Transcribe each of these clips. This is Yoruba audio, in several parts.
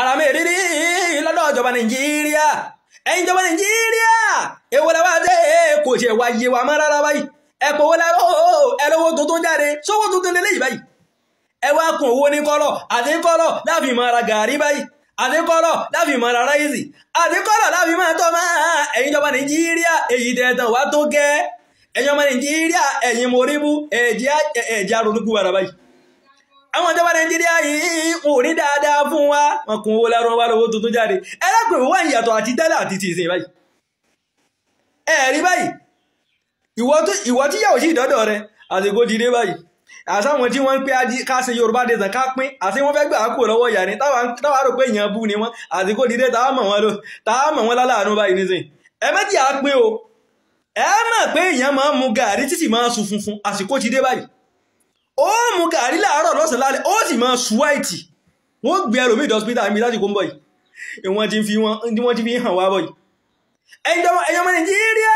ara mi rírí lọ́dọ̀ ìjọba nàìjíríà ẹ̀yin ìjọba nàìjíríà èwo la wá dé kò ṣe wá yé wa mọ́ rárá báyìí ẹ̀pọ̀ wo la ẹlọ́wọ́ tuntun jáde sówó tuntun lélẹ́yìí báyìí ẹ wá kun owó ní kọ́lọ̀ àti kọ́lọ̀ láfi máa ra gàrí báyìí àti kọ́lọ̀ láfi máa ra ráìsì àti kọ́lọ̀ láfi máa tọ́ máa ẹ̀yin ìjọba nàìjíríà èyí tẹ̀tàn wá tó gẹ́ ẹ̀yin ọmọ nàìjíríà ẹ̀yin mọ̀ríbú ẹ̀jẹ̀ àrùn àwọn ìjọba nàìjíríà yìí kò ní dáadáa fún wa wọn kún owó lárọ́ wá lọ́wọ́ tuntun jáde ẹlẹ́gbẹ̀rún wà ìyàtọ̀ àti tẹ́lẹ̀ àti ti ìsìn báyìí ẹ̀rí báyìí ìwọ tí yàwó sí ìdọ́dọ̀ rẹ àsìkò dìde báyìí àsáwọn tí wọ́n ń pé káṣe yorùbá dé tàn ká pín àti wọ́n fẹ́ gbà á kúrò lọ́wọ́ ìyá ni táwa rò pé èèyàn bú ni wọ́n àsìkò dìde táwa mọ̀ wọ́n lò táwa mọ̀ wọ́n láláàánú báyìí nísìnyí ẹ mẹ́tì á pé o ẹ mọ̀ pé èèyàn máa ń gàrí títí máa ń funfun àsìkò ti dé báyìí ó mu gàrí láàárọ̀ ọ̀sán lálẹ́ ó sì máa ṣúwáìtì wọ́n gbé ẹlòmíì dọ́sípítà níbi láti kó ń bọ̀ yìí wọ́n ti fi wọ́n ti fi hàn wá bọ̀ yìí ẹ̀yọ́mọ nàìjíríà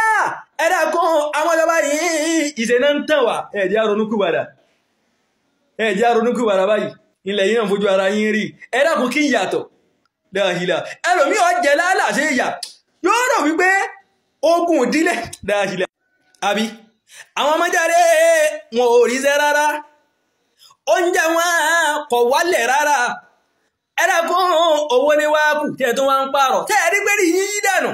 ẹ̀dá kan àwọn ọjọ́bá ní ìṣẹ̀nà ń tàn wá ẹ̀jẹ̀ aronúkúbàdà ẹ̀jẹ̀ aronúkúbàdà báyìí ilẹ̀ yìí náà fojú ara yín rí ẹ̀dá kan kí ìyàtọ̀ dáhìlà ẹlòmíì ọ̀jẹ̀ lálà ṣe ìyà yóò rò wípé ogun ìdílé dáhìlà àbí àwọn ọmọdé wọn ò ríṣẹ́ rárá oúnjẹ wọn kọ̀ wálẹ̀ rárá ẹ̀rẹ́kùn owó ni wá kù tẹ̀ tó wá ń pààrọ̀ tẹ̀ ẹ̀rí pé rí yíyí dànù